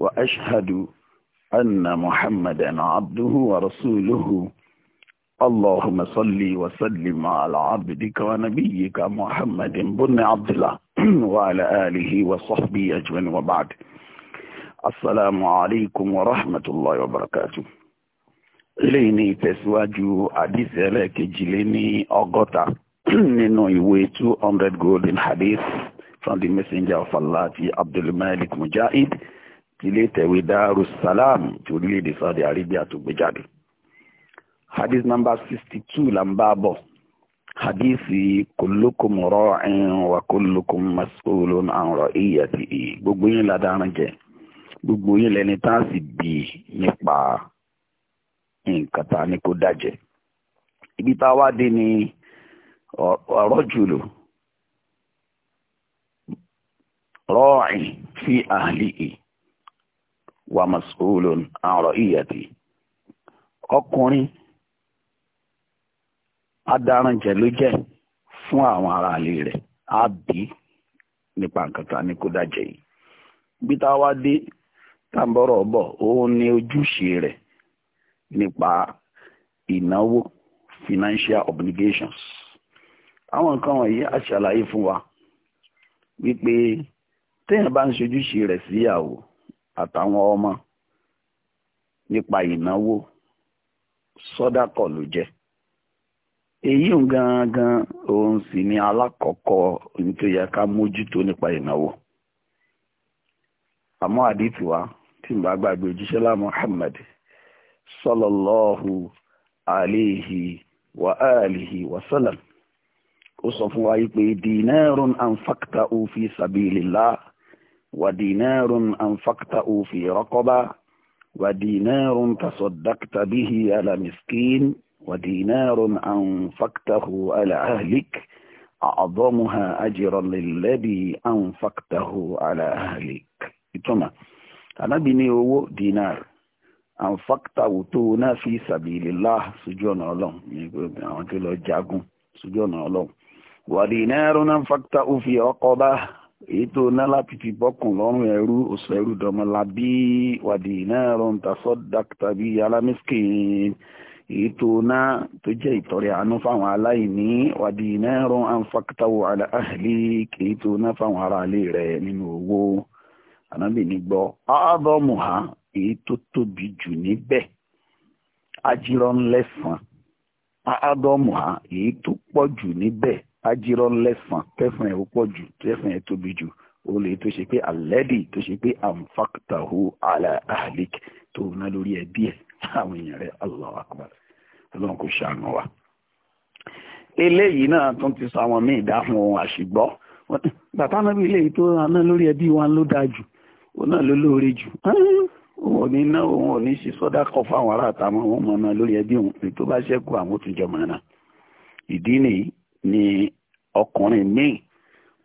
وأشهد أن محمدا عبده ورسوله اللهم صل وسلم على عبدك ونبيك محمد بن عبد الله وعلى آله وصحبه أجمعين وبعد السلام عليكم ورحمة الله وبركاته ليني تسواجو حديث لك جليني أغطى نينو يويتو 100 جولدن حديث from the messenger of Allah عبد الملك مجاهد ilé ìtẹ̀wé Darussalam ti orílẹ̀-èdè Saudi Arabia tó gbé jáde hadith number sixty two là ń bá a bọ̀ hadithi kullukum ra'in wa kullukum mas'ulun an ra'iyatihi gbogbo yín ládàrin jẹ gbogbo yín lẹni tá a sì bì nípa nǹkan tá a ní dájẹ ibi tá a wá dé ni ọ̀rọ̀ jùlọ ra'in fi ahlihi. wà mas'ulun an ọkùnrin adarànjẹ ló jẹ́ fún àwọn ará ilé rẹ̀ á bí nípa nǹkan tá ní kó dájẹ́ yìí bí tá a wá dé n bọ̀rọ̀ bọ̀ òun ní ojúṣe rẹ̀ nípa ìnáwó financial obligations àwọn nǹkan wọ̀nyí a ṣàlàyé fún wa wípé téèyàn bá ń ṣojúṣe rẹ̀ síyàwó. Si àtàwọn ọmọ nípa ìnáwó sọ́dákọ̀ ló jẹ́ èyí gangan òun sì ni alákọ̀ọ́kọ́ ní tó yẹ ká mójútó nípa ìnáwó àmọ́ àdìtì wa tí n bá gbàgbé òjíṣẹ́ lá Muhammad sallallahu alayhi wa alihi wa sallam ó sọ fún wa yìí pé dinarun anfaqta fi sabilillah ودينار أنفقته في رقبة ودينار تصدقت به على مسكين ودينار أنفقته على أهلك أعظمها أجرا للذي أنفقته على أهلك ìtumọ̀ Ànábì ní owó dinar ànfàkítàwò tó o náà fi sabilillah sójú ọ̀nà ọlọ́run ní gbogbo àwọn tó lọ jagun sójú ọ̀nà ọlọ́run wà dinar náà ànfàkítàwò fi raqaba èyí tó ná láti fi bọ́kùn ẹrú oṣù ẹrú dọmọlábí wàdí náà rọrùn tàṣọ dàkítàbí alámísìkìn èyí tó ná tó jẹ́ ìtọrẹ àánú fáwọn aláìní wàdí náà rọrùn àǹfàkítàwò àhìlì èyí tó fáwọn aráalé rẹ nínú owó ànábì ní gbọ́ áádọ́mù ha tóbi jù níbẹ̀ ajírọ́ ńlẹ́sàn áádọ́mù ha pọ̀ jù níbẹ̀ ajírọ́ lẹ́sàn tẹ́sàn ẹ̀ púpọ̀ jù tẹ́sàn ẹ̀ tóbi jù ó lè tó ṣe pé alẹ́dì tó ṣe pé anfaqtahu ala ahlik tó ná lórí ẹbí ẹ̀ àwọn èèyàn rẹ̀ Allahu akbar ọlọ́run kò ṣàánú wa. eléyìí náà tún ti sọ àwọn míì dáhùn ohun àṣìgbọ́ bàbá anábì eléyìí tó ná lórí ẹbí wa ló dáa jù ó náà ló lóore jù òun ò ní ná òun ò ní ṣe sọ́dá kọ̀ fáwọn ará àtàwọn ọmọ náà lórí ẹbí òun tó bá ṣẹ́kù àwọn òtúnjọ́ mọ́ náà ìdí nìyí ni ọkùnrin míì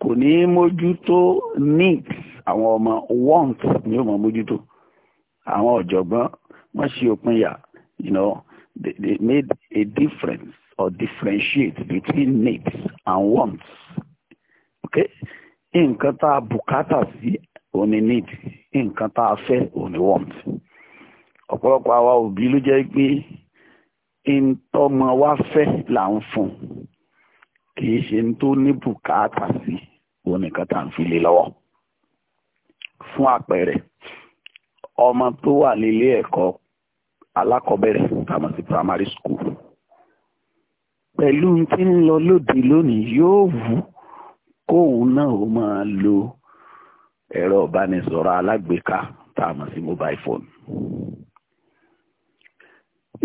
kò ní mójútó needs àwọn ọmọ want ni ó mọ mójútó àwọn ọ̀jọ̀gbọ́n wọ́n ṣe òpin yà you know they, they made a difference or differentiate between needs and wants okay nǹkan tá a bùkátà sí òun ni need nǹkan tá a fẹ́ òun ni want ọ̀pọ̀lọpọ̀ àwa òbí ló jẹ́ pé ntọ́mọ wa fẹ́ là ń fún un kì í ṣe tó ní bùkátà sí òun nìkan tá à ń fi lé lọ́wọ́ fún àpẹẹrẹ ọmọ tó wà nílé ẹ̀kọ́ alákọ̀ọ́bẹ̀rẹ̀ tàmọ̀ sí primary school pẹ̀lú tí ń lọ lóde lónìí yóò wù kóun náà ó máa lo ẹ̀rọ ìbánisọ̀rọ̀ alágbèéká tàmọ̀ sí mobile phone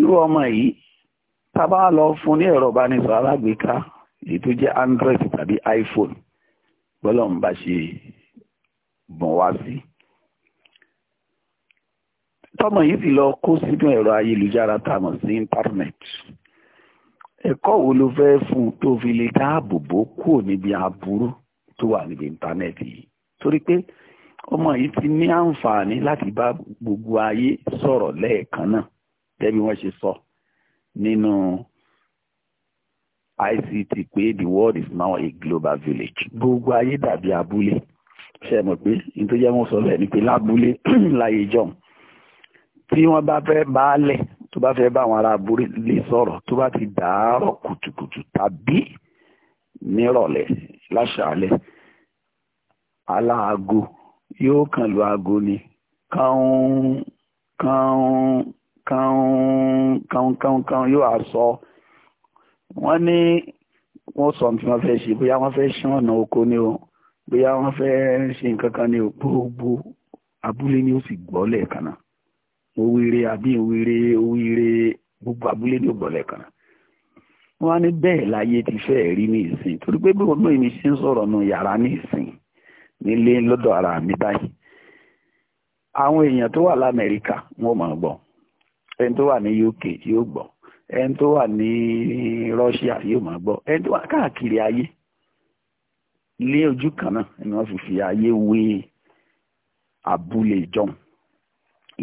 irú ọmọ yìí tá a bá lọ fún ní ẹ̀rọ ìbánisọ̀rọ̀ alágbèéká èyí tó jẹ́ android tàbí iphone bọ́lọ́run bá ṣe bọ̀n wá sí tọ́mọ yìí ti lọ kó sínú ẹ̀rọ ayélujára tàmọ sí internet ẹ̀kọ́ wo ló fẹ́ fún un tó fi lè dáàbò bò kúrò níbi aburú tó wà níbi internet yìí torí pé ọmọ yìí ti ní àǹfààní láti bá gbogbo ayé sọ̀rọ̀ lẹ́ẹ̀kan náà gẹ́gẹ́ bí wọ́n ṣe sọ nínú. No ICT pé the world is now a global village gbogbo ayé dàbí abúlé ṣe mọ̀ pé ní tó jẹ́ wọ́n sọ bẹ́ẹ̀ ni pé lábúlé láyé jọ̀hún tí wọ́n bá fẹ́ baálẹ̀ tó bá fẹ́ bá àwọn ará abúlé sọ̀rọ̀ tó bá ti dàárọ̀ kùtùkùtù tàbí nírọ̀lẹ́ láṣàálẹ̀ aláago yóò kàn lu aago ni kàún kàún kàún kàún kàún yóò á sọ. So, wọ́n ní wọ́n sọ tí wọ́n fẹ́ ṣe bóyá wọ́n fẹ́ ṣán ọ̀nà oko ni o bóyá wọ́n fẹ́ ṣe nǹkan kan ni o gbogbo abúlé ni ó sì gbọ́ lẹ́ẹ̀kan náà òwìrè àbí òwìrè òwìrè gbogbo abúlé ni ó gbọ́ lẹ́ẹ̀kan náà wọ́n á ní bẹ́ẹ̀ láyé ti fẹ́ rí ní ìsìn torí pé bí olóyè mi ṣe ń sọ̀rọ̀ nu yàrá ní ìsìn nílé lọ́dọ̀ ara mi báyìí àwọn èèyàn tó wà lamẹ́ríkà wọ́n máa gbọ́ ẹni tó wà ní UK yóò gbọ́ ẹni tó wà ní Russia yóò máa gbọ́ ẹni tó wà káàkiri ayé lé ojú kan náà ni wọ́n fi fi ayé wé abúlé john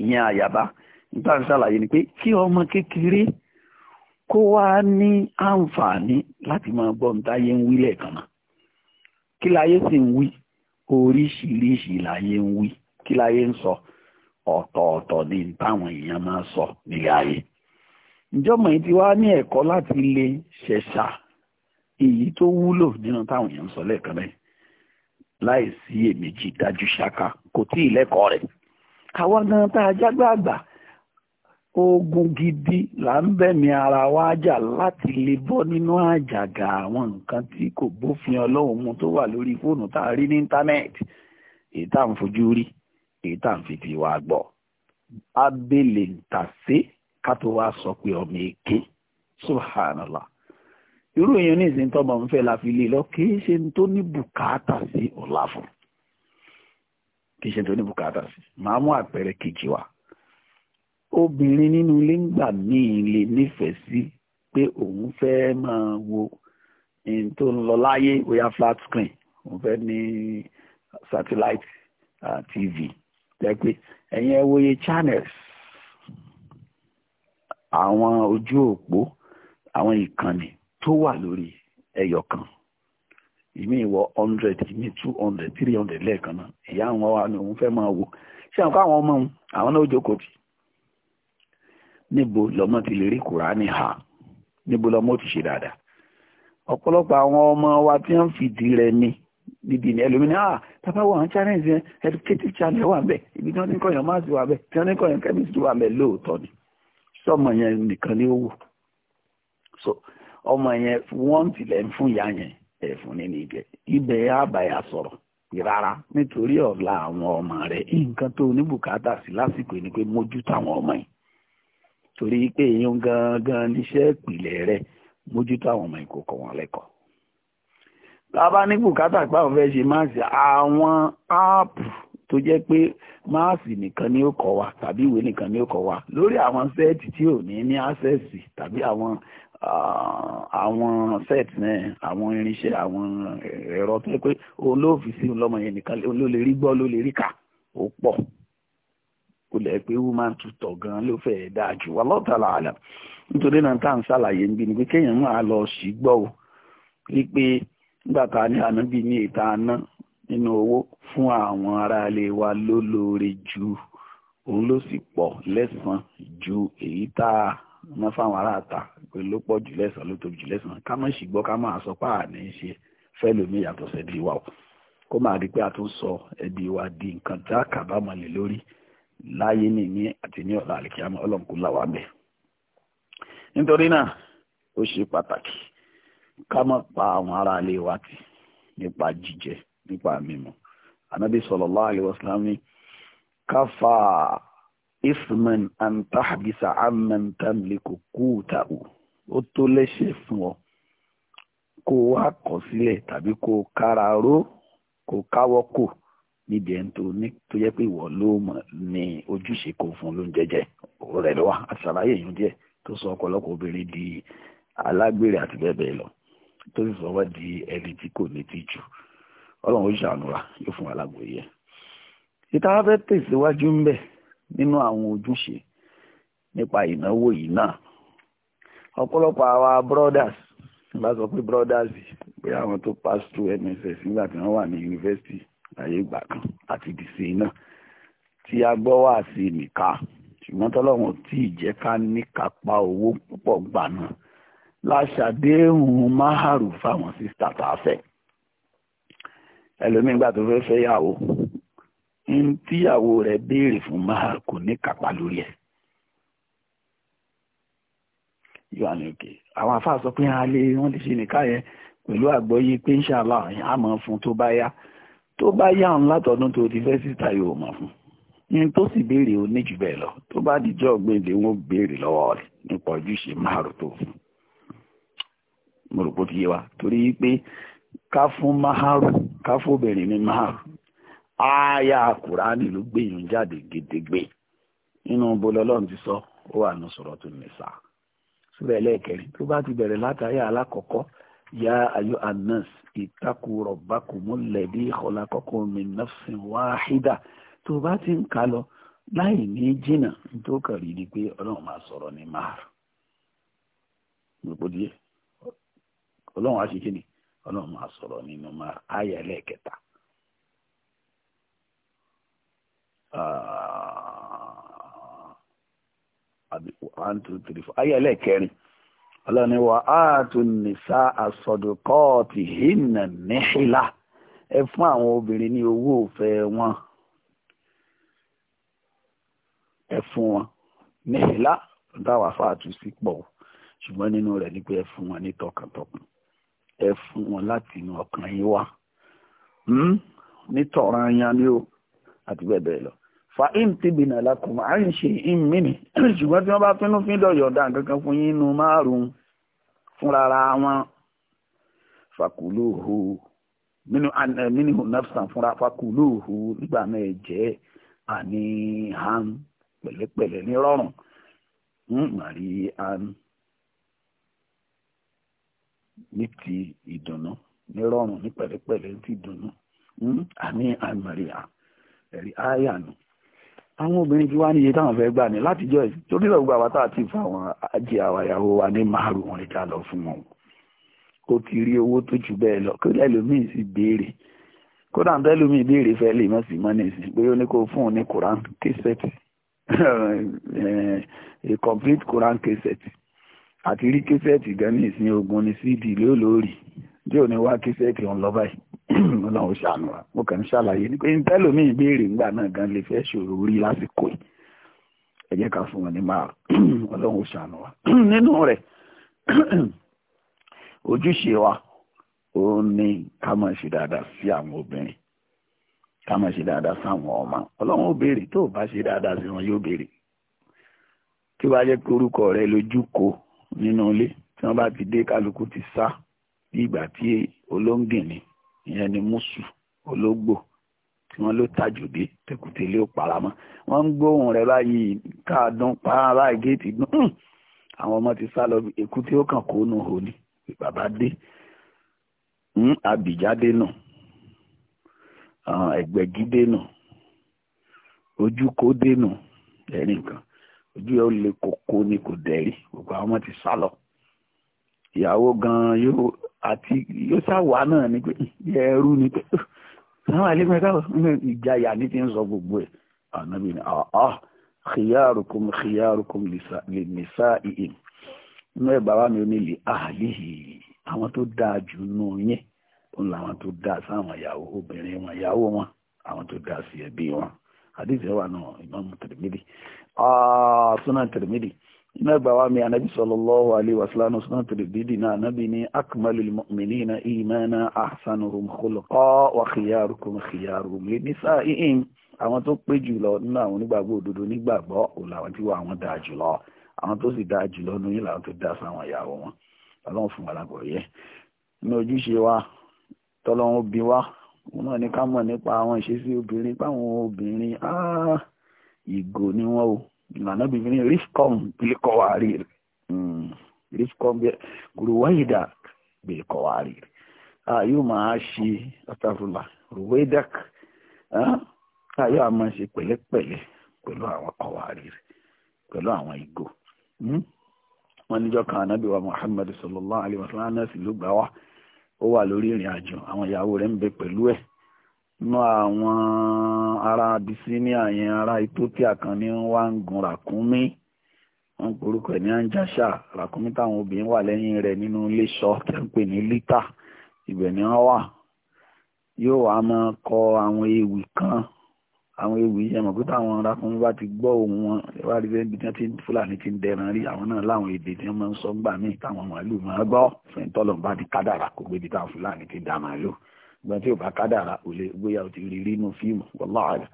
ìyẹn àyàbá nígbà tí sàlàyé ni pé kí ọmọ kékeré kó wá ní àǹfààní láti máa gbọ́ ohun táyé ń wí lẹ́ẹ̀kan náà kí láyé sì ń wí oríṣiríṣi láyé ń wí kí láyé ń sọ ọ̀tọ̀ọ̀tọ̀ ni táwọn èèyàn máa sọ nílé ayé ìjọmọ̀ yìí ti wá ní ẹ̀kọ́ láti lè ṣẹ̀ṣà èyí tó wúlò nínú táwọn èèyàn ń sọ lẹ́ẹ̀kan rẹ̀ láì sí èméjì dájú ṣáká kò tí ì lẹ́kọ̀ọ́ rẹ̀ àwa gan tá a jágbá ogun gidi là ń bẹ̀mí ara wa jà láti lè bọ́ nínú àjàgà àwọn nǹkan tí kò bófin ọlọ́run mu tó wà lórí fóònù tá a rí ní íńtánẹ́ẹ̀tì èyí tá à ń fojú rí èyí tá à ń fi tiwa gbọ́ abẹ́lẹ̀ ń ká tó sọ pé ọmọ èké subhanallah irú èèyàn ní ìsìn tọmọ ń fẹ́ la fi lè lọ kì í ṣe tó ní bùkátà sí ọlá fún kì í ṣe tó ní bùkátà sí màá mú àpẹẹrẹ kejì wá obìnrin nínú ilé ń gbà míì lè nífẹ̀ẹ́ sí pé òun fẹ́ máa wo ẹni tó ń lọ láyé oya flat screen òun fẹ́ ní satellite uh, tv jẹ́ pé ẹ̀yin ẹ channels àwọn ojú òpó àwọn ìkànnì tó wà lórí ẹyọ kan ìmí ìwọ hundred ìmí two hundred three hundred lẹ́ẹ̀kan náà ìyá àwọn wa ni òun fẹ́ máa wò ṣé àwọn káwọn ọmọ òun àwọn náà ó jókòó tì níbo lọmọ ti lè rí kùránì ha níbo lọmọ ó ti ṣe dáadáa ọ̀pọ̀lọpọ̀ àwọn ọmọ wa tí wọ́n fìdí rẹ̀ ni níbi ní ẹlòmíní ah tàbá wọ àwọn challenge yẹn educative challenge wà bẹ́ẹ̀ ibi tí wọ́n ti ń kọ́yàn maths wà bẹ́ẹ̀ tí wọ́n ti ń kọ́yàn chemistry wà bẹ́ẹ̀ lóòótọ́ ni tí ọmọ yẹn nìkan ni ó wù so ọmọ yẹn wọ́n tilẹ̀ ń fún ìyá yẹn ẹ̀ fún ní nìjẹ́ ibẹ̀ àbàyà sọ̀rọ̀ rárá nítorí ọ̀la àwọn ọmọ rẹ̀ nǹkan tó ní sí lásìkò ni pé mójútó àwọn ọmọ yìí torí pé èèyàn gangan níṣẹ́ ìpìlẹ̀ rẹ̀ mójútó àwọn ọmọ ìkókò wọn lẹ́kọ̀ọ́ bàbá ní bùkátà pé fẹ́ ṣe máa ṣe àwọn áàpù tó jẹ́ pé máàsì nìkan ni ó kọ́ wa tàbí ìwé nìkan ni ó kọ́ wa lórí àwọn sẹ́ẹ̀tì tí ò ní ní àṣẹ́sì tàbí àwọn ah, àwọn sẹ́ẹ̀tì náà àwọn irinṣẹ́ àwọn ẹ̀rọ tó yẹ pé òun ló fi sí ọlọ́mọ yẹn nìkan ló lè rí gbọ́ ló lè rí kà ó pọ̀ kò lẹ́ pé woman tutọ̀ gan ló fẹ́ dáa jù wà lọ́tàlá àlà nítorí náà tá à ń ṣàlàyé níbi ni pé kéèyàn máa lọ sí gbọ́ o wípé nígbà tá a ní àná bíi ní ìta àná nínú owó fún àwọn aráalé wa ló lóore ju òun ló sì pọ̀ lẹ́sàn ju èyí tá a ná fáwọn aráàta pé ló pọ̀ jù lẹ́sàn ló tóbi jù lẹ́sàn ká má ṣìgbọ́ ká má sọ pé àní ṣe fẹ́ lómi yàtọ̀ sẹ́bí wa o kó máa di pé a tún sọ ẹbí wa di nǹkan tá a kábàámọ̀ lé lórí láyé nìyí àti ní ọ̀la àlìkíyàmọ́ ọlọ́run kò là nítorí náà ó ṣe pàtàkì ká má pa àwọn aráalé wa tì nípa jíjẹ nípa mímu anabi sallallahu alaihi wasallam ni káfà isman an tahbisa amman tamliku kúùtàù ó tó lẹ́ṣẹ̀ fún ọ kó wá kọ̀ sílẹ̀ tàbí kó kára ró kó káwọ́ kò níbi ẹni tó ní tó jẹ́ pé ìwọ ló mọ̀ ní ojúṣe kò fún lóúnjẹ jẹ rẹ̀ lọ́wọ́ àṣàlàyé èèyàn díẹ̀ tó sọ ọ̀pọ̀lọpọ̀ obìnrin di alágbèrè àti bẹ́ẹ̀ bẹ́ẹ̀ lọ tó sì sọ wá di ẹni tí kò ní tìjú ọlọ́run ó ṣàánúra yóò fún wa lágbòye ìta fẹ́ tẹ̀síwájú ń bẹ nínú àwọn ojúṣe nípa ìnáwó yìí náà ọ̀pọ̀lọpọ̀ àwa brothers bá sọ pé brothers pé àwọn tó pass through NSS nígbà tí wọ́n wà ní yunifásitì láyé ìgbà kan àti dìse náà tí a gbọ́ wá sí nìka ṣùgbọ́n tọ́lọ́run tí ìjẹ́ ká níkapá owó púpọ̀ gbà náà láṣàdéhùn máhàrù fáwọn sísítà tá a fẹ́ ẹlòmíì gbà tó fẹ́ fẹ́ yàwó ń tíyàwó rẹ̀ béèrè fún máa kò ní kápá lórí ẹ̀ yóò ní òkè àwọn afáà sọ pé a lè wọ́n lè ṣe nìka yẹn pẹ̀lú àgbọ́yé pé ń ṣàlà àmọ́ fún tó bá yá tó bá yá òun látọ̀dún tó ti fẹ́ síta yóò mọ̀ fún ní tó sì béèrè ó ní jù bẹ́ẹ̀ lọ tó bá dìjọ́ gbèǹde wọn béèrè lọ́wọ́ rẹ̀ nípa ojúṣe márùn tó fún mo rò pé ó ti yé wa torí pé ká maharu ká fóbìnrin ní maharu aya kùránì ló gbèyàn jáde gédégbé nínú bolọ́lọ́run ti sọ ó wà ní Suratul Nisa síbẹ̀ lẹ́ẹ̀kẹrin tó bá ti bẹ̀rẹ̀ látàrí alákọ̀ọ́kọ́ ya ayo anas ìtakù rọ̀bákùmọ́lẹ̀dí ìkọlákọ́kọ́ mi nafsin wáhídà tó bá ti ń kà lọ láì ní jìnnà tó ni pé ọlọ́run máa sọ̀rọ̀ ọlọ́run máa sọ̀rọ̀ nínú máa ayà ẹlẹ́ẹ̀kẹta. Ah, one two three four ayà ẹlẹ́ẹ̀kẹrin ọlọ́run ni wà á tún nìsa àsọdùkọ́ọ̀tì hìnnà níhìlá ẹ fún àwọn obìnrin ní owó òfẹ́ wọn ẹ fún wọn níhìlá dáwà fáàtú sí pọ̀ ṣùgbọ́n nínú rẹ̀ ni pé ẹ fún wọn ní tọkàntọkàn ẹ fún wọn láti inú ọkàn yín wá hmm? nítọ̀ràn ayan ni ó àti bẹ́ẹ̀ bẹ́ẹ̀ lọ fa im ti bìnà lákùnmọ́ à ń ṣe im mìíní ṣùgbọ́n tí wọ́n bá fínú fíndọ̀ yọ̀ọ̀dà kankan fún yín inú márùn-ún fúnra wọn fakuluhu minu an eh, minu nafsan fúnra fakuluhu nígbà náà ẹ jẹ àní han pẹ̀lẹ́pẹ̀lẹ́ ní rọrùn mari hmm? an ní ti ìdùnnú ní rọrùn ní pẹ̀lẹ́pẹ̀lẹ́ ní ti ìdùnnú hmm? àní àmàríà ẹ̀rí áyà nù àwọn obìnrin tí wá níye táwọn fẹ́ gbà ní látijọ́ yìí torí ìlọ gbogbo àwọn tá a ti fa àwọn ajé àwọn ìyàwó wa ní márùn wọn lè já lọ fún wọn ó ti rí owó tó jù bẹ́ẹ̀ lọ kí ẹlòmíì sì béèrè kódà ń tẹ́lòmíì béèrè fẹ́ lè mọ̀ sí mọ́nì sí pé ó ní kó fún un ní koran késẹ́tì eh, eh, a complete koran késẹ́tì àti rí kẹsẹ̀tì gan ní ìsìn ogun ní cd lólórí tí ò ní wá kẹsẹ̀tì ọ̀hún lọ báyìí ọlọ́run ṣàánú wa mo kàn ń ṣàlàyé ní pé ntẹ́lómi ìbéèrè ńgbà náà gan lè fẹ́ ṣòro rí lásìkò yìí ẹ jẹ́ ká fún wọn ní máa ọlọ́run ṣàánú wa nínú rẹ̀ ojúṣe wa ó ní ká máa ṣe dáadáa sí àwọn obìnrin ká máa ṣe dáadáa sáwọn ọmọ ọlọ́run ó tó o bá ṣe dáadáa sí wọn yóò béèrè tí ó jẹ́ pé orúkọ rẹ lójú nínú ilé tí wọ́n bá ti dé kálukú ti sá bí ìgbà tí olóńgìní ìyẹn ni mùsù ológbò tí wọ́n ló tàjòdè tẹkùtẹ ilé ò paramọ́ wọ́n ń gbóhùn rẹ̀ báyìí káàdùn para báyìí géètì dùn hmm. àwọn ọmọ ti sá lọ èkú tí ó kàn kó nù hò ní bàbá dé àbìjáde hmm, nù ẹgbẹgídé nù ojúkódé nù ẹrí nǹkan ojú ẹ ó le kókó ni kò dẹ̀rí gbogbo àwọn ọmọ ti sá lọ ìyàwó gan yóò àti yóò ṣàwá náà ni pé ẹrú ni pé sáwọn àlẹ́ mẹ́ta ìjayà ní ti ń sọ gbogbo ẹ̀ ànábì ni àá khiyarukum khiyarukum lè nìsá ìhìn inú ẹ̀ bàbá mi ò ní lè àhàlìhì àwọn tó dáa jù nù yẹn òun làwọn tó dáa sáwọn ìyàwó obìnrin wọn ìyàwó wọn àwọn tó dáa sí ẹbí wọn àdìsẹ́ náà Imam Tirmidhi sunan tirmidhi inú ẹgbà wa mi anabi sallallahu alaihi wasallam sunan tirmidhi náà anabi ní akmalul mu'minina imana ahsanuhum khuluqa wa khiyarukum khiyaruhum li nisa'ihim àwọn tó pé jùlọ nínú àwọn onígbàgbọ́ òdodo nígbàgbọ́ òun làwọn tí wọ́n àwọn dáa jùlọ àwọn tó sì dáa jùlọ nínú yìí làwọn tó dáa sáwọn ìyàwó wọn ọlọ́run fún wa lágbọ̀ọ́yé ní ojúṣe wa tọ́lọ́run bí wa òun náà ní ká mọ̀ nípa àwọn ìṣesí obìnrin páwọn obìnrin áá ah, ìgò ni wọ́n o ìlànà bìbí ní rifcom bílíkọ̀ wà rí rẹ̀ rifcom bíi ruwaida bílíkọ̀ wà rí rẹ̀ a yóò máa ṣe ma a yóò ṣe pẹ̀lẹ́pẹ̀lẹ́ pẹ̀lú àwọn kọ̀wárí rẹ̀ pẹ̀lú àwọn ìgò hmm. wọ́n níjọ́ kan wa muhammad sallallahu alayhi wa sallam náà ló gbà wá ó àwọn ìyàwó ń bẹ àwọn ara abisinia yẹn ará ethiopia kan ní wá ń gun ràkúnmí wọ́n gborúkọ ní anjasha ràkúnmí táwọn obìnrin wà lẹ́yìn rẹ̀ nínú ilé sọ tí ní lítà ibẹ̀ ni wọ́n wà yóò wá máa kọ àwọn ewì kan àwọn ewì yẹn mọ̀ pé táwọn rakumi bá ti gbọ́ ohun wọn wá rí bẹ́ẹ̀ bí wọ́n ti fúlàní ti ń dẹran rí àwọn náà láwọn èdè tí wọ́n máa ń sọ ńgbà míì táwọn màálù máa gbọ́ fẹ́ńtọ́lọ̀ bá ti kádàrà kó gbébi táwọn fúlàní ti dá màálù ṣùgbọ́n tí ò bá kádàrà ò lè gbéyà ò ti rí rí inú fíìmù wallahu alam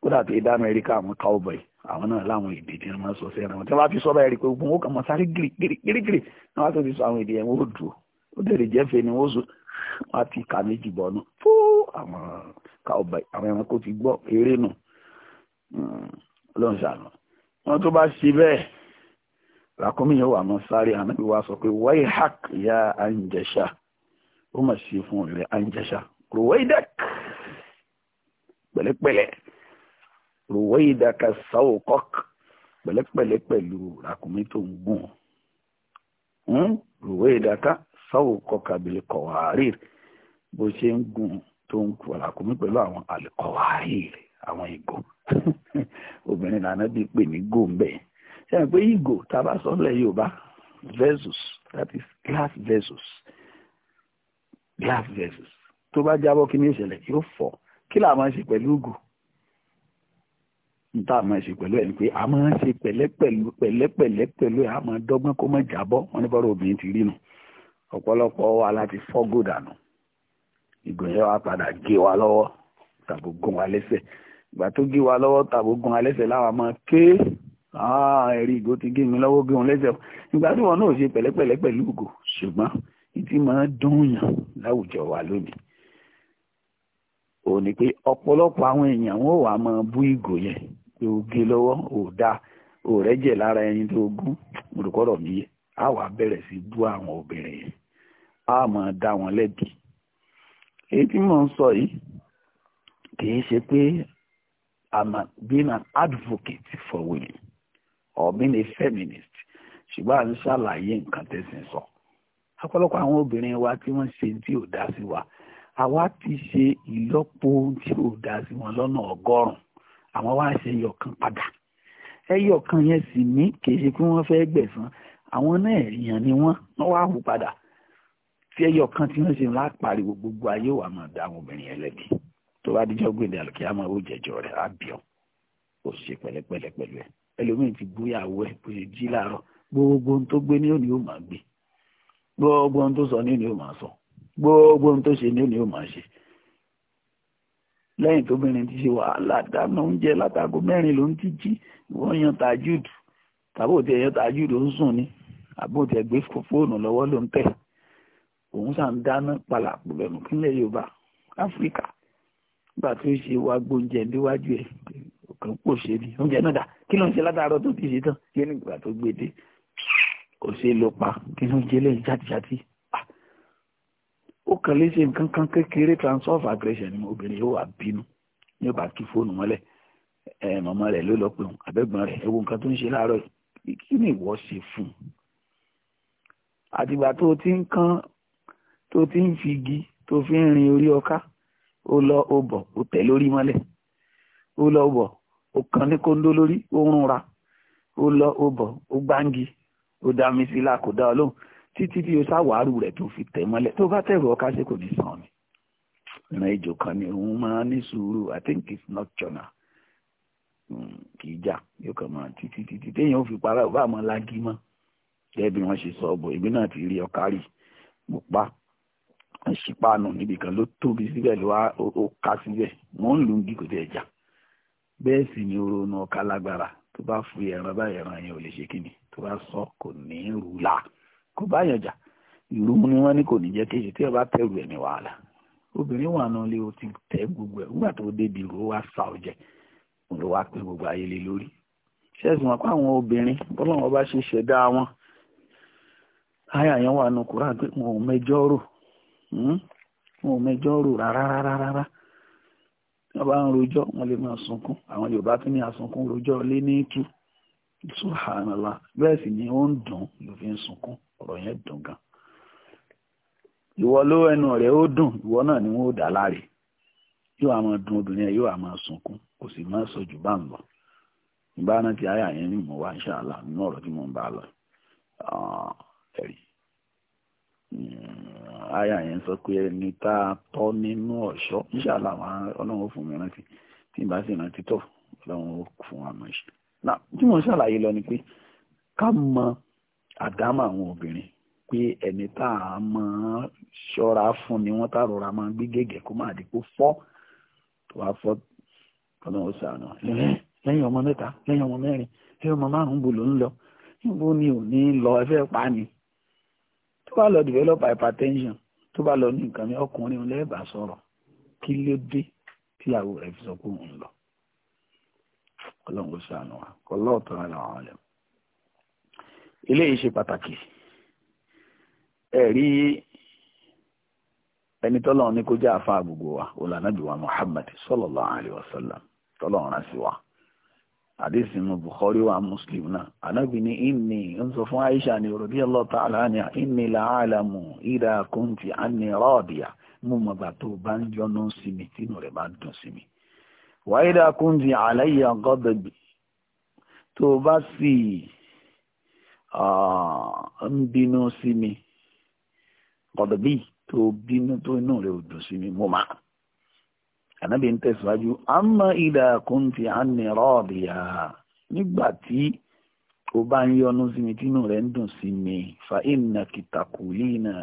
kódà tí dá amẹ́ríkà àwọn cowboy àwọn náà láwọn èdè tí wọ́n máa sọ sẹ́ra wọn tí wọ́n bá fi sọ báyìí rí pé gbogbo wọn kàn máa sáré gírígírí náà wọ́n tó ti sọ àwọn èdè yẹn wọ́n dùn ó tẹ̀lé jẹ́fẹ́ ni wọ́n sọ wọ́n á ti kà méjì bọ́nu fún àwọn cowboy àwọn ẹranko ti gbọ́ eré nù ló ń ṣàlọ́ wọ́n tó bá ṣe bẹ́ẹ̀ làkúnmí yóò wà mọ́ sáré ànábì wa sọ pé wáyé hàk ya anjẹsà ó mà ṣe fún rẹ̀ anjẹ́ṣà rùwẹ́dàk pẹ̀lẹ́pẹ̀lẹ́ rùwẹ́dàkà sáwọ́kọ́k pẹ̀lẹ́pẹ̀lẹ́ pẹ̀lú ràkúnmí tó ń gùn ún hmm? rùwẹ́dàkà sáwọ́kọ́k abilẹ̀ kọ̀wárì bó ṣe ń gùn tó ń kú ràkúnmí pẹ̀lú àwọn àlùkọ̀wárì àwọn ìgò obìnrin lànà bíi pè ní gòmbẹ̀ ṣe é pé ìgò tá a bá sọ lẹ́ Yorùbá versus that is glass versus glass vessels tó bá jábọ́ kí ni ìṣẹ̀lẹ̀ yóò fọ́ kí là máa ń ṣe pẹ̀lú ògùn níta máa ń ṣe pẹ̀lú ẹ̀ ni pé a máa ń ṣe pẹ̀lẹ́pẹ̀lú pẹ̀lẹ́pẹ̀lẹ́ pẹ̀lú ẹ̀ a máa dọ́gbọ́n kó má jábọ́ wọn ní bọ́rọ̀ obìnrin ti rí nu ọ̀pọ̀lọpọ̀ wa láti fọ́gò dànù ìgbọ̀nyẹ́ wa padà gé wa lọ́wọ́ tàbí gún wa lẹ́sẹ̀ ìgbà tó gé wa lọ́wọ́ tàbí gún wa lẹ́sẹ̀ láwa máa ké ẹ̀rí ìgò ti gé mi lọ́wọ́ gé wọn lẹ́sẹ̀ ìgbà tí wọn náà ṣe pẹ̀lẹ́pẹ̀lẹ́ pẹ̀lú ògò ṣùgbọ́n ìtì máa dùnyàn láwùjọ wa lónìí ò ní pé ọ̀pọ̀lọpọ̀ àwọn èèyàn wọn ò wá máa bú ìgò yẹn pé o gé lọ́wọ́ ò dáa ò rẹ́jẹ̀ lára ẹyin tó gún olùkọ́rọ̀ mi yẹ á wàá bẹ̀rẹ̀ sí bú àwọn obìnrin yẹn á máa dá wọn lẹ́bi èyí tí mò ń sọ yìí kì ṣe pé I'm a, being an advocate for women or being a feminist ṣùgbọ́n à ń ṣàlàyé nǹkan tẹ̀sìn sọ ọ̀pọ̀lọpọ̀ àwọn obìnrin wa tí wọ́n ṣe tí ò dá sí wa àwa ti ṣe ìlọ́po tí ò dá sí wọn lọ́nà ọgọ́rùn-ún àwọn wá ṣe yọ̀kan padà ẹyọ̀kan yẹn sì ní kì í ṣe pé wọ́n fẹ́ gbẹ̀san àwọn náà èèyàn ni wọ́n wọ́n wá hù padà tí ẹyọ̀kan tí wọ́n ṣe ńlá pariwo gbogbo ayé wa máa dá àwọn obìnrin ẹlẹ́bi tó bá díjọ́ gbèdé àlùkí àmọ́ ó jẹ̀jọ́ rẹ̀ á ó ṣe pẹ̀lẹ́pẹ̀lẹ́ pẹ̀lú ẹ̀ ẹlòmíì ti búyàwó ẹ̀ bó ṣe jí láàárọ̀ gbogbo ohun tó gbé ní òní ó máa gbé gbogbo ohun tó sọ ní ni ó máa sọ gbogbo ohun tó ṣe ní ni ó máa ṣe lẹ́yìn tóbìnrin ti ṣe wàhálà dáná oúnjẹ látago mẹ́rin ló ń ti jí wọ́n yan tajud tàbí òtí ẹ̀yàn tajud ó ń sùn ni àbí òtí ẹ̀gbẹ́ fóònù lọ́wọ́ ló ń tẹ̀ òun sàn dáná palàpù lẹ́nu kílẹ̀ Yorùbá Áfíríkà nígbà tí ó ṣe wá gbóúnjẹ níwájú ẹ̀ kàn pòṣe ni oúnjẹ náà dà kí ló ń ṣe látàárọ̀ tó ti ṣe tán kí nígbà tó gbé dé kò ṣe é lò pa kí ló ń ah. ó kàn lè ṣe nǹkan kan kékeré transfer of aggression ni obìnrin yóò wá bínú ní ó bá tú fóònù mọ́lẹ̀ ẹ màmá rẹ̀ ló lọ pé òun àbẹ́gbọ́n rẹ̀ ewu nǹkan tó ń ṣe láàárọ̀ kí ni ìwọ ṣe fún un àtìgbà tó ti ń kán tó ti ń fi igi tó fi ń rin orí ọká ó lọ ó bọ̀ ó tẹ̀ lórí mọ́lẹ̀ ó lọ ó bọ̀ ó kàn ní kóńdó lórí ó ń rúnra ó lọ ó bọ̀ ó gbáǹgi ó dá mi sí là kò dá ọ lóhùn títí tí o ṣàwárù rẹ̀ tó fi tẹ̀ mọ́lẹ̀ tó bá tẹ̀rù ọ̀ká ṣe kò ní sàn ni ìran ejò kan ni òun máa ní sùúrù i think it's not chona hmm, kì í jà yóò kàn máa títí títí téèyàn ò fi para ò bá mọ lági mọ́ gẹ́gẹ́ bí wọ́n ṣe sọ ọ̀bọ̀ èmi náà ti rí ọkárì mo pa ìṣípàánù níbi kan ló tóbi síbẹ̀ ló wá ó ká síbẹ̀ wọ́n ń lù ń bí kò tẹ̀ jà bẹ́ẹ̀ sì ni oronú ọ̀ká lágbára tó bá fi ẹran báyìí ẹran yẹn ò lè ṣe kíni tó bá sọ kò ní rú la kò bá yàn jà ìrú ni wọ́n ní kò ní jẹ́ kéjì tí ẹ bá tẹ̀rù ẹ̀ ní wàhálà obìnrin wà náà lé o ti tẹ̀ gbogbo ẹ̀ nígbà tó débi ìró wa sa ọ̀jẹ̀ ló wá pé gbogbo ayé lé lórí ṣẹ́sìn wọn pa àwọn obìnrin bọ́lọ́wọ́n bá ṣe ṣẹ̀dá wọn àyà yẹn wà nù kúrà pé wọn ò mẹjọ rò hmm? wọn ò mẹjọ rò rárá rárá rárá wọn bá ń rojọ́ wọn lè máa sunkún àwọn Yorùbá tún ní asunkún rojọ́ lé ní tú subhanallah bẹ́ẹ̀ sì ni ó ń dùn ló fi ń sunkún ọ̀rọ̀ yẹn dùn gan ìwọ ló ẹnu ọrẹ ó dùn ìwọ náà ni wọ́n ó dà láre yóò àmọ́ dùn obìnrin yóò sunkún sọ jù bá ń lọ ti ayé àyẹn ní mọ̀ wá nínú ọ̀rọ̀ tí mo ń bá lọ ah, ẹ̀rí hmm, sọ pé ẹni tá a tọ́ nínú ọ̀ṣọ́ inshallah ọlọ́run ó fún mi rántí tí ìbá sì rántí tọ̀ fún wa mọ̀ na tí mo ń ṣàlàyé lọ ni pé ká mọ àdámọ̀ àwọn obìnrin pé ẹni tá a máa ṣọ́ra fún ni wọ́n tá rọra máa gbé gègé kó máa dìpọ̀ fọ́ tó wá fọ́ kọ́nà ó sàánà lẹ́yìn ọmọ mẹ́ta lẹ́yìn ọmọ mẹ́rin lẹ́yìn ọmọ márùn-ún bò ló ń lọ níbo ni ò ní lọ ẹ fẹ́ pa ni tó bá lọ develop hypertension tó bá lọ ní nǹkan mi ọkùnrin lẹ́ẹ̀bà sọ̀rọ̀ kí ló dé tíyàwó rẹ̀ fi sọ pé òun lọ ọlọ́run kò sànù wa kò lọ́ọ̀tọ́ ara àwọn ọ̀lẹ́ eléyìí ṣe pàtàkì ẹ̀rí ẹni tọ́lọ́run ní kó jẹ́ àfa gbogbo wa olànàbí wa Muhammad sallallahu alayhi wa sallam tọ́lọ́run rán sí wa àdéhùn inú Bukhari wa Muslim náà anábì ní inni ń sọ fún Aisha ní radiyallahu ta'ala anha inni la'alamu idha kunti anni mú mọ̀gbà tó bá ń yọnu sí mi tínú rẹ̀ bá ń dùn sí wàídà kúndì àlàyé gọ́bẹ̀bì tó bá sì ń bínú sí mi gọ́bẹ̀bì tó bínú tó inú rẹ̀ òdùn sí mi mo máa ànábì ń tẹ̀síwájú àmọ́ ìdà kúndì àní rọ́ọ̀dìyà nígbà tí o bá ń yọnu sí mi tínú rẹ̀ ń dùn sí mi fa inna kitakulina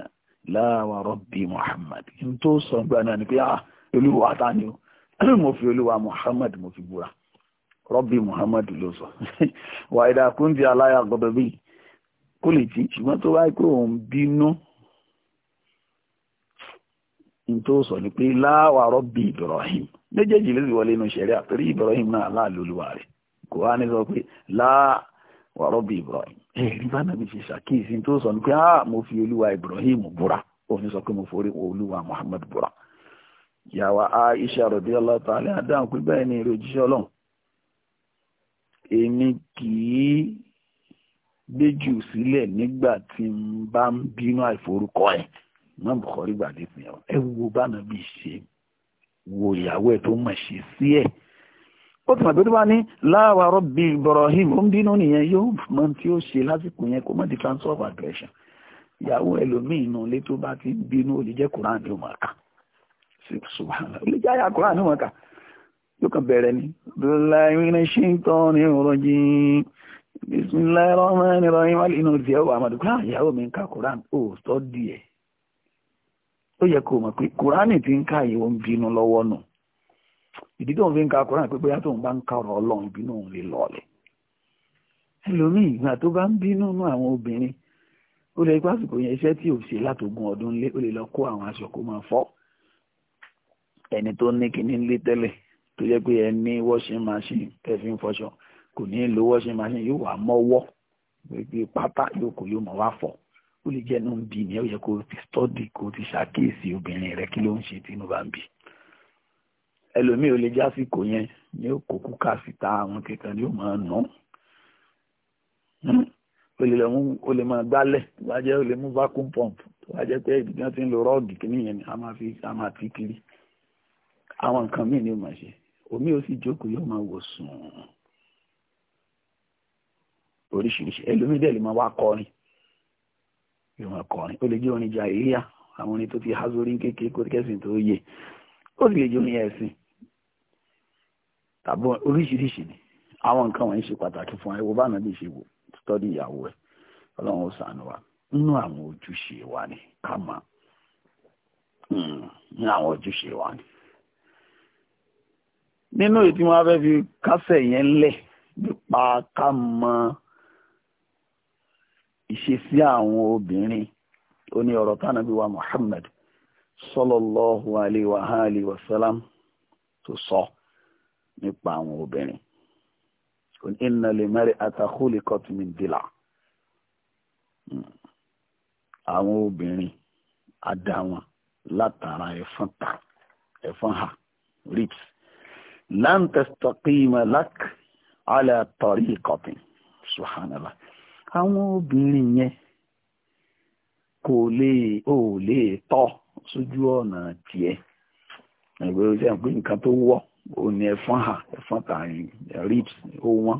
láwa rọ́bì muhammad n tó sọ gbà ni pé ah olúwa ta ni o. mo fi olúwa muhammad mo fi búra rọ́bì muhammad ló sọ wà ìdàkúndì aláya gbọdọ̀ bíi kó lè tí ṣùgbọ́n tó bá pé òun bínú ní tó sọ ni pé láwà rọ́bì ibrahim méjèèjì ló sì wọlé inú ṣẹ̀rí àtúrí ibrahim náà aláàlúwa rẹ̀ kò wá ní sọ pé láwà rọ́bì ibrahim ẹ̀rí bá nàbí ṣe ṣàkíyèsí tó sọ ni pé ah, mo fi olúwa ibrahim búra òun sọ pé mo forí olúwa muhammad búra yàwá Aisha radiyallahu ta'ala adáhùn pé bẹ́ẹ̀ ni èrò òjíṣẹ́ ọlọ́run èmi kì í gbéjù sílẹ̀ nígbà tí n bá ń bínú àìforúkọ ẹ̀ náà Bukhari gbàdé fi hàn ẹ wo bánà bí ṣe wo ìyàwó ẹ̀ tó mọ̀ ṣe sí ẹ̀ ó ti mọ̀ pé tó bá ní láwa Rabbi Ibrahim ó ń bínú nìyẹn yóò mọ tí ó ṣe lásìkò yẹn kó mọ̀ di transfer of aggression ìyàwó ẹlòmíín nù lé tó bá ti bínú ó jẹ́ Kùránì ó máa kà subhanallah olè jáyà kúrò ní wọn kà yóò kàn bẹ̀rẹ̀ ni láìmínà ṣe ń tọ́ ní ọ̀rọ̀ jìn bisimilayi rahman rahim wàlí inú ti ẹwà amadu kúrò ìyàwó mi ń ka Quran ó sọ díẹ̀ ó yẹ kó mọ̀ pé Quran ti ń ka ìwọ ń bínú lọ́wọ́ nù ìdí tó ń fi ń ka Quran pé bóyá tó ń bá ń ka ọ̀rọ̀ Ọlọ́run ìbínú òun lè lọ́ọ̀lẹ̀ ẹlòmíì ìgbà tó bá ń bínú nú ó lè pásìkò yẹn iṣẹ́ tí ò ṣe látògùn ọdún lé ó lè lọ kó àwọn aṣọ kó máa fọ́ ẹni tó ní kíní ń lé tẹ́lẹ̀ tó jẹ́ pé ẹ ní washing machine tẹ́ fi ń fọṣọ kò ní lo washing machine yóò wá mọ́wọ́ gbogbo pátá yóò kó yóò mọ̀ wá fọ̀ ó lè jẹ́ inú ń bí ni ó yẹ kó ti study kó ti ṣàkíyèsí obìnrin rẹ kí ló ń ṣe tínú bá ń bí ẹlòmíì ò lè jásìkò yẹn ní òkòkú kà síta àwọn kankan ni ó máa nù ó hmm? lè máa gbálẹ̀ tó bá jẹ́ ó lè mú vacuum pump tó bá jẹ́ pé ibi tí wọ́n ti ń lo rọ́ọ̀gì kìíní ni a máa fi kiri àwọn nǹkan míì ni ó máa ṣe omi joku sì jókòó yóò máa wò sùn oríṣiríṣi ẹlòmídẹ́ lè máa wá kọrin yóò máa kọrin ó lè jẹ́ orin jà àwọn orin tó ti há sórí kékeré kó kẹ́sìn tó yẹ ó sì lè jẹ́ orin ẹ̀sìn ni àwọn nǹkan wọ̀nyí ṣe pàtàkì fún ẹ wo bá ṣe wò tọ́dí ìyàwó ẹ ọlọ́run ó wa nínú àwọn ojúṣe ni ká máa hmm. ní àwọn ojúṣe wa ni. nínú ètí wọn fẹ́ fi kásẹ̀ yẹn lẹ̀ nípa ká mọ ìṣesí àwọn obìnrin oní ọ̀rọ̀ tánàbí wa Muhammad sallallahu alaihi wa alihi wa salam tó sọ nípa àwọn obìnrin inna limar'ata khuliqat min dila hmm. àwọn obìnrin adá látara ẹ̀fọn ta ẹ̀fọn ha ribs lan tastaqima ala tariqatin subhanallah àwọn obìnrin yẹn kò lè ò lè tọ́ sójú ọ̀nà tiẹ̀ ẹgbẹ́ ojú ẹ̀ pé nǹkan tó wọ̀ ò ní hà tààrin rips ó wọ́n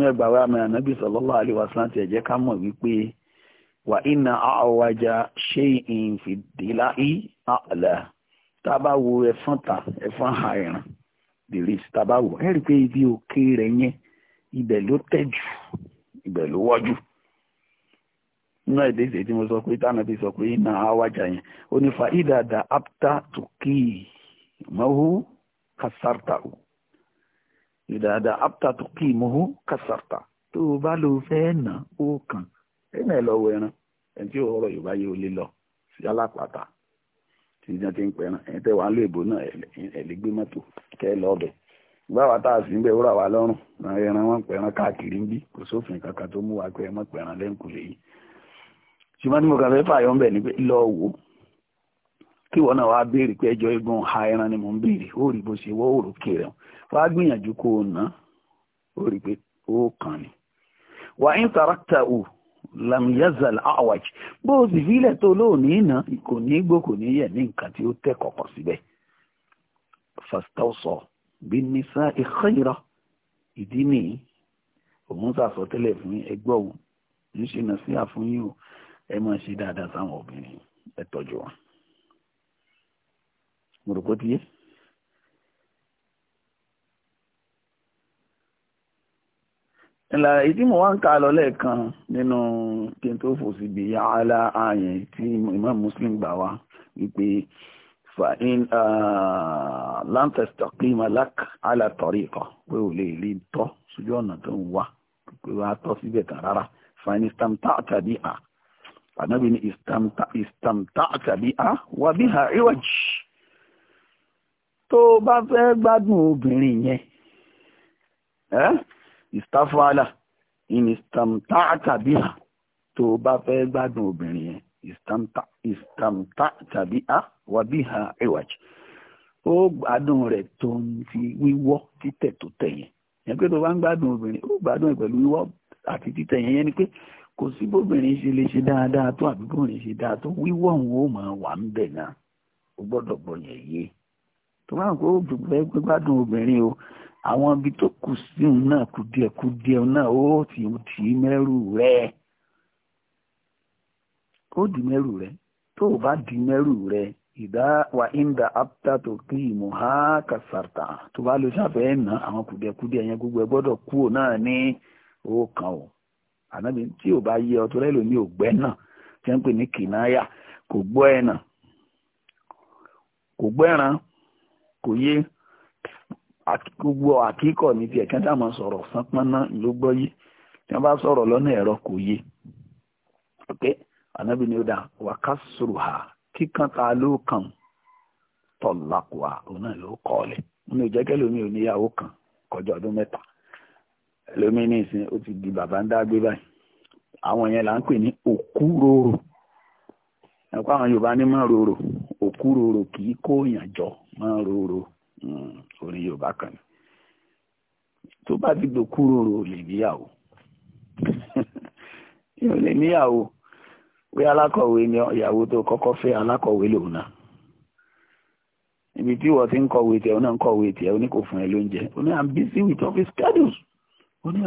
ó ẹgbà wa mi ànábì sallallahu alaihi wasallam ti ẹ̀jẹ̀ ká mọ̀ wípé wà iná Taba a bá wo ẹ̀fọn ta ẹ̀fọn ha ẹ̀ràn dèrè tá a bá wo ẹ̀ rí i pé ibi òkè rẹ̀ yẹn ibẹ̀ ló tẹ̀ jù ló wọ́ nínú èdè ìṣe tí mo sọ pé tánà ti sọ pé iná awájà yẹn ó ní fa ìdàdà apta tó kí mọ́hú kásárta o ìdàdà apta tó kí mọ́hú kásárta tó o bá lò fẹ́ nà ó kàn ẹ̀ náà lọ wẹ̀ràn ẹ̀ tí ọ̀rọ̀ Yorùbá yìí ó lé lọ sí alápàtà títí náà ti ń pẹran ẹ̀yin tẹ́ wàá lò èbó náà ẹ̀lẹ́gbẹ́ mọ́tò kẹ́ lọ ọbẹ̀ báwa tá a sì ń bẹ̀ wúrà wa lọ́rùn ẹran wọn pẹran káàkiri ń bí kò sófin kankan tó mú wa pé ẹ mọ́ pẹran lẹ́ǹkulè yìí ṣùgbọ́n tí mo kàn fẹ́ fààyàn bẹ̀ ni pé lọ wò ó kí wọn náà wá béèrè pé ẹjọ́ igun ha ẹran ni mò ń béèrè ó rí bó ṣe wọ́ òrùké rẹ̀ wá gbìyànjú kó o ná ó rí pé ó kàn ní. wà á ń tarakta ò lamyazal awaj bó o sì fílẹ̀ tó lóòní iná kò ní gbó kò ní yẹ̀ ní nǹkan tí ó tẹ̀ kọ̀kọ̀ síbẹ̀ fastawsọ bí nisa ìkhaira ìdí nìyí òun sàsọ tẹ́lẹ̀ fún ẹgbọ́ òun ń ṣe nà sí àfúnyí o ẹ máa ṣe dáadáa sáwọn obìnrin ẹ tọ́jú wọn mo rò pé ti yé. ìlà ìdí mo wá ń kà lọ lẹ́ẹ̀kan nínú kí n tó fò síbi yàrá ààyè tí Imam Muslim gbà wá wípé fa'in ah, lam tastaqima lak ala tariqa pé ò lè lè tọ́ sójú ọ̀nà tó ń wá pé wàá tọ́ síbẹ̀ kan rárá fa'in istamta'ta biha ànábì ní istamta'ta biha wa biha iwaj tó bá fẹ́ gbádùn obìnrin yẹn Istafala ìnìstàmtàtà bí a tó bá fẹ́ gbádùn obìnrin yẹn ìstamtàtà bí a wà bí a ìwàjì ó gbádùn rẹ̀ tó ń ti wíwọ́ títẹ̀ tó tẹ̀ yẹn yẹn pé tó bá ń gbádùn obìnrin ó gbádùn ẹ̀ pẹ̀lú wíwọ́ àti títẹ̀ yẹn yẹn ni pé kò sí bóbìnrin ṣe lè ṣe dáadáa tó àbí bóbìnrin ṣe dáa tó wíwọ́ òun ó máa wà ń bẹ̀ náà ó gbọ́dọ̀ gbọ́ yé tó bá ń kó fẹ́ gbádùn obìnrin o àwọn ibi tó kù sí òun náà kù díẹ̀ kù díẹ̀ náà ó di mẹ́rù rẹ̀ tó o bá di mẹ́rù rẹ̀ ìdá wa inda apta tó kí ìmọ̀ ha kàsàrtà tó bá lọ sáfẹ́ ẹ̀nà àwọn kùdẹ̀kùdẹ̀ yẹn gbogbo ẹ̀ gbọ́dọ̀ kú ò náà ní owó kan o ànábi tí ò bá yẹ ọtọ́ rẹ̀ ògbẹ́ náà tí wọ́n pè ní kìnnáyà kò gbogbo àkíkọ̀ ní ti kẹ́ńtà máa sọ̀rọ̀ sánpọ́nná ló gbọ́ yé tí wọ́n bá sọ̀rọ̀ lọ́nà ẹ̀rọ kò yé ok ànábì ni ó dà wà sòrò hà kíkan ta ló kàn tọ̀lákùá òun náà ló kọ́ ọ̀lẹ̀ nínú ìjẹ́kẹ́ lómi ò níyàwó kan kọjá ọdún mẹ́ta lómi ní ìsìn ó ti di bàbá ń dá gbé báyìí àwọn yẹn là ń pè ní ẹ̀kọ́ àwọn Yorùbá ní kì jọ roro Hmm, orí yorùbá kan ni tó bá ti dòkúrò rò lè níyàwó yóò lè níyàwó pé alákọ̀wé ni ìyàwó tó kọ́kọ́ fẹ́ alákọ̀wé lòun náà ibi tí wọ́n ti ń kọ̀wé tiẹ̀ ó náà ń kọ̀wé tiẹ̀ ó ní kò fún ẹ lóúnjẹ ó ní i'm busy with office schedules ó ní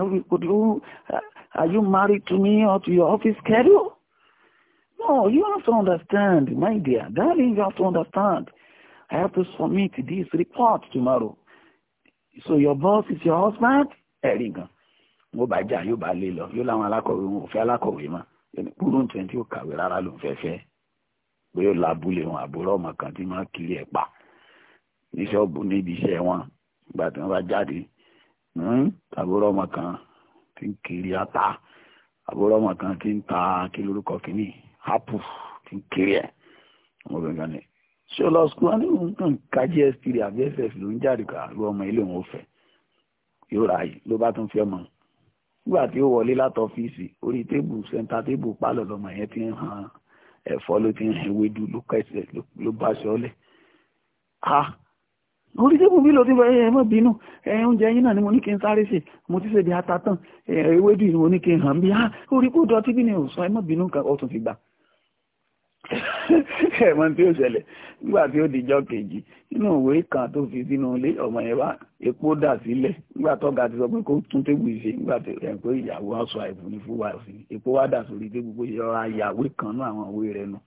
are you married to me or to your office schedule? no you have to understand my dear darling you have to understand have to submit this report tomorrow. So your boss is your husband? Ẹ̀rí gan. Mo bá jà yóò bá lé lọ. Yóò láwọn alákọ̀wé wọn ò fẹ́ alákọ̀wé mọ́. Kúrún twenty ò kàwé rárá ló ń fẹ́ fẹ́. Bóyá ó labúlé wọn àbúrò ọmọ kan tí máa kiri ẹ̀ pa. Ní ṣọ́ọ̀bù níbi iṣẹ́ wọn. Ìgbà tí wọ́n bá jáde. Hmm, àbúrò ọmọ kan tí ń kiri ata. Àbúrò ọmọ kan tí ń ta kí lórúkọ kìíní. Ápù tí ń kiri ẹ̀. Ọmọbìnrin kan ní ṣé lọ sukú wọn ní nǹkan ká gsp rẹ àbí ss ló ń jáde ká lu ọmọ ilé òun ó fẹ́ yóò ráàyè ló bá tún fẹ́ mọ nígbà tí ó wọlé láti ọ́fíìsì orí tébù sẹńtà tébù pálọ̀ lọmọ yẹn ti ń han ló ti ń ewédú ló kẹsẹ̀ ló bá ṣọlẹ̀ ha orí tébù bí ló ti fẹ́ ẹ mọ̀ bínú ẹ oúnjẹ yín náà ni mo ní kí n sáré ṣe mo ti ṣe bí ata tán ewédú ni mo ní kí n hàn bí ha orí kó dọ̀tí bí ni ò sọ ẹ mọ̀ bínú kan ó fi gbà ẹ̀mọ́ tí ó ṣẹlẹ̀ nígbà tí ó dìjọ́ kejì nínú ìwé kan tó fi sínú ilé ọmọ yẹn bá epo dà sílẹ̀ nígbà tọ́ga ti sọ pé kó tún tébù ìṣe nígbà tó rẹ̀ pé ìyàwó aṣọ àìfún ní fún wa sí epo wá dà sórí tébù pé yọra yàwé kan náà àwọn òwe rẹ̀ nu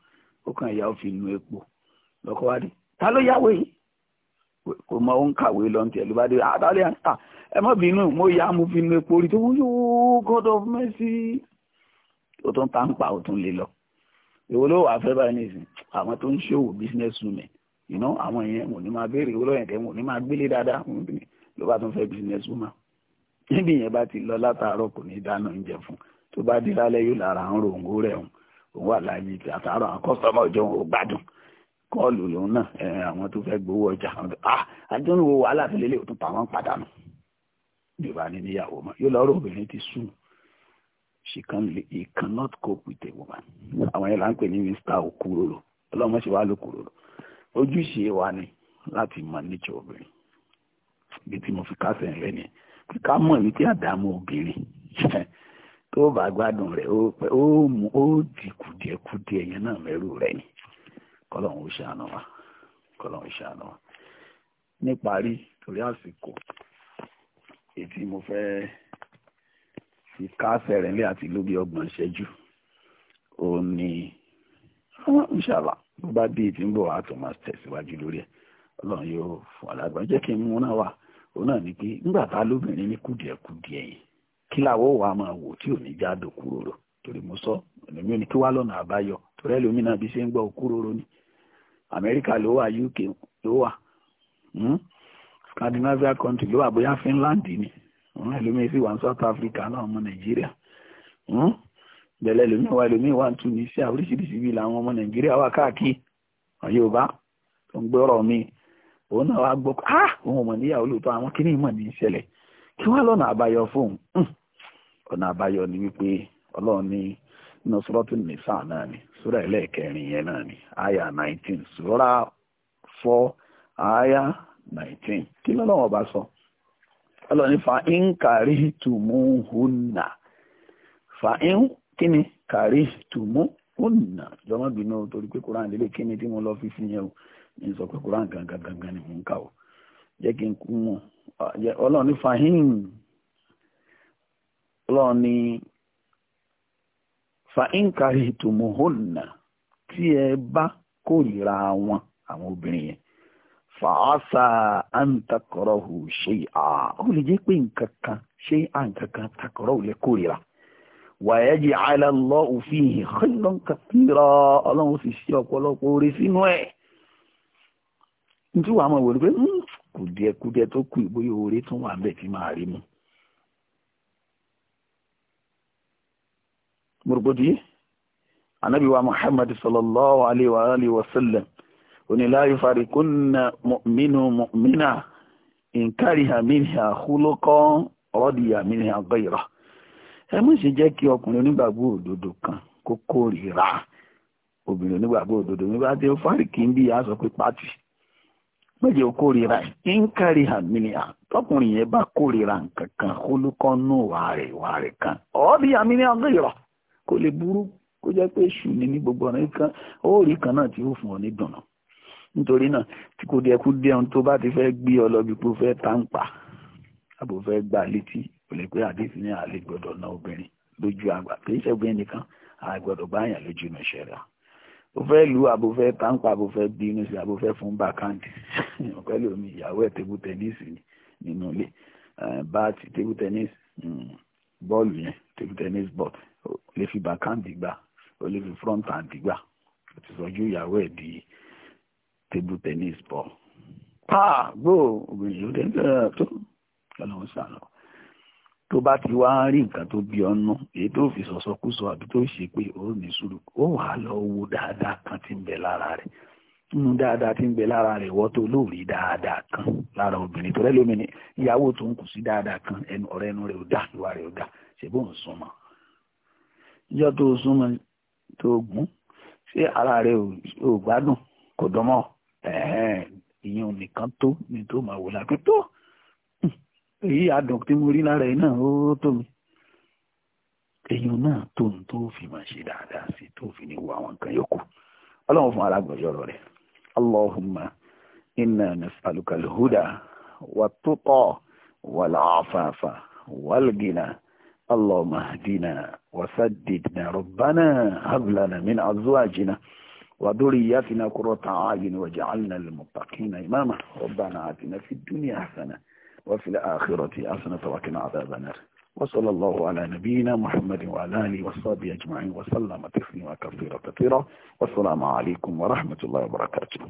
ó kàn ìyá ó fi nu epo lọ́kọ́ wá dé ta ló yàwó yìí kò mọ ó ń kàwé lọ ní tiẹ̀ ló bá dé ah, àtàlẹ́ ah, ẹ má bínú mo yá mo fi nu epo rí tó wọ́n God of mercy ó tún tá ń pa ó tún lè lọ èwo ló wàá fẹ́ báyìí nìsín àwọn tó ń ṣòwò business women you know àwọn yẹn wọ́n ní máa béèrè owó lọ́yìn tẹ́ wọ́n ní máa gbélé dáadáa wọ́n ní ló bá tún fẹ́ business woman níbi yẹn bá ti lọ látàárọ̀ kò ní dáná oúnjẹ fún tó bá dé lálẹ́ yóò lára àwọn ròǹgó rẹ̀ òun òun wà láàyè tí àtàárọ̀ àwọn kọ́sọ́mọ̀ ọjọ́ òun ò gbádùn kọ́ọ̀lù lòun náà ẹ̀ àwọn tó fẹ́ gbowó ọjà àdúrà ah, wo wàhálà tó lélẹ̀ òtún tàwọn padànù yorùbá ní níyàwó mọ́ yóò lọ́ọ́ obìnrin ti sùn she can he cannot cope with a woman àwọn yẹn là ń pè ní mr okuroro ọlọ́mọ ṣe wá lókùroro ojúṣe wa ni láti mọ nature obìnrin bí tí mo fi kásẹ̀ rẹ̀ ni pé ká mọ̀ ní tí àdámọ́ obìnrin tó bá gbádùn rẹ̀ ó mú ó di kùdìẹ̀kùdìẹ̀ yẹn náà mẹ́rù rẹ̀ ni kọ́lọ́hún ó ṣàánú wa kọ́lọ́hún ó ṣàánú wa níparí torí àsìkò ètí mo fẹ́ ti káàsẹ̀ rẹ̀ lé àti lóbi ọgbọ̀n ìṣẹ́jú ó ní ah, inshallah bó bá bí ti ń bọ̀ á tún máa tẹ̀síwájú lórí ẹ̀ ọlọ́run yóò fún jẹ́ kí n mú náà wà òun náà ni pé nígbà tá lóbìnrin ní kí wà máa wò tí ò ní jáde sọ ò ní kí wá lọ́nà àbáyọ torí bí ṣe ń gbọ́ kúròrò ni amẹ́ríkà ló uk ló hmm? Scandinavia country ló wà bóyá ni ẹlòmíín sì wà ní South Africa náà ọmọ Nàìjíríà bẹ̀lẹ̀ ẹlòmíín wà ẹlòmíín wà ní Tunisia oríṣiríṣi bíi làwọn ọmọ Nàìjíríà wà káàkiri Yorùbá tó ń gbọ́rọ̀ mi òun náà wá gbọ́ pé ah òun ò mọ̀ níyàwó lóòótọ́ àwọn kìíní ìmọ̀ ní ìṣẹ̀lẹ̀ kí wọ́n lọ́nà àbáyọ fóun hmm. ọ̀nà àbáyọ ni wípé ọlọ́run ní inú sọ́rọ́tún nìsà náà ni sura ẹlẹ́ẹ̀kẹrin yẹn náà ni aya nineteen sura four aya nineteen kí lọ́lọ́wọ́ bá sọ. So? ọlọ́ni fa ń kàrí tùmú hùnà fa ń kíni kàrí tùmú hùnà jọmọ́ bínú torí pé koran lélẹ̀ kíni tí mo lọ fi sí yẹn o ní sọ pé koran gangan gangan ni mò ń kà o jẹ́ kí n kú mọ́ ọlọ́ni fa ń ọlọ́ni fa ń kàrí tùmú hùnà tí ẹ bá kórìíra wọn àwọn obìnrin yẹn fàásà àǹtakọ̀rọ̀hù ṣe à ó lè jẹ́ pé nǹkan kan ṣe nǹkan kan takọ̀rọ̀hù lè kórìíra wàyẹ́jì àìlàlọ́ òfin ìhìnlọ́n kàtírọ̀ ọlọ́run sì ṣe ọ̀pọ̀lọpọ̀ orí sínú ẹ̀ nítorí wàá mọ̀ wò pé hmm, kùdìẹ̀kùdìẹ̀ tó kù ìbóyè orí tún wà bẹ́ẹ̀ tí máa rí mu. mùrùgbòdì anabiwa muhammad sallallahu alayhi wa sallam oníláyò farikunna mínú mínà nkàríhà mínà húlókọ́ rọ́dìyà mínà gbẹ̀yìrà ẹ mú sì jẹ́ kí ọkùnrin onígbàgbọ́ òdodo kan kó kórìíra obìnrin onígbàgbọ́ òdodo mi bá ti fáríkì ń bí i aṣọ pé pátì méje ó kórìíra ẹ̀ ń kárí àmìnira tọkùnrin yẹn bá kórìíra nǹkan kan olùkọ́nù wà rẹ̀ wà rẹ̀ kan ọ̀ọ́dí àmìnira gbèrò kò lè burú kó jẹ́ pé èṣù ní gbogbo ọ̀nà kan ó rí kan náà tí ó fún ọ ní dùnà nítorí náà tí kò díẹ̀ kú díẹ̀ ohun tó bá ti fẹ́ gbé ọ lọ́bi pé fẹ́ ta pa àbò fẹ́ gbà létí kò lè pé àdéhùn ní àlè gbọ́dọ̀ ná obìnrin lójú àgbà kì í ṣẹ́gun nìkan àgbọ̀dọ̀ báyàn lójú inú ṣẹ̀ra ó fẹ́ lu àbò fẹ́ ta pa àbò fẹ́ bínú sí àbò fẹ́ fún bàkáǹdì pẹ̀lú omi ìyàwó ẹ̀ tébù tẹ́níìsì nínú ilé báàtì tébù tẹ́níìsì bọ́ọ̀lù yẹn tébù tẹ́níìsì bọ́ọ̀lù ó lè fi bàkáǹdì gbà ó lè fi front gbà ó ti sọ ju ìyàwó ẹ̀ di table tennis ball pa ah, gbó obìnrin ló dé nígbà tó ọlọ́run sànà tó bá ti wá rí nǹkan tó bí ọnú èyí tó fi sọ̀sọ́kúsọ àbí tó ṣe pé ó ní sùúrù ó wà á lọ wo dáadáa kan tí ń bẹ lára rẹ̀ nínú dáadáa tí ń bẹ lára rẹ̀ wọ́n tó lóòrí dáadáa kan lára obìnrin tó rẹ́ lómi ni ìyàwó tó ń kù sí dáadáa kan ẹnu ọ̀rẹ́ ẹnu rẹ̀ ò dá ìwà rẹ̀ ò dá ṣèbó ń súnmọ́ ìjọ tó súnmọ́ tó gún ṣé ara rẹ̀ ò gbádùn kò dánmọ́ ìyẹn ò nìkan tó ní tó máa wò lápẹ́ tó èyí àdùn tí mo rí lára ẹ̀ náà ó tó mi èyàn náà tó ń tó fi máa ṣe dáadáa sí tó fi ní wo àwọn nǹkan yòókù ọlọ́run fún alágbọ̀yọ̀rọ̀ rẹ̀ allahumma inna nas'aluka al-huda wa tuqa wal afafa wal gina allahumma hdina wa saddidna rabbana hab lana min azwajina. وذرياتنا قرة أعين وجعلنا للمتقين إماما ربنا آتنا في الدنيا حسنة وفي الآخرة حسنة وقنا عذاب النار وصلى الله على نبينا محمد وعلى آله وصحبه أجمعين وسلم تسليما كثيرا كثيرا والسلام عليكم ورحمة الله وبركاته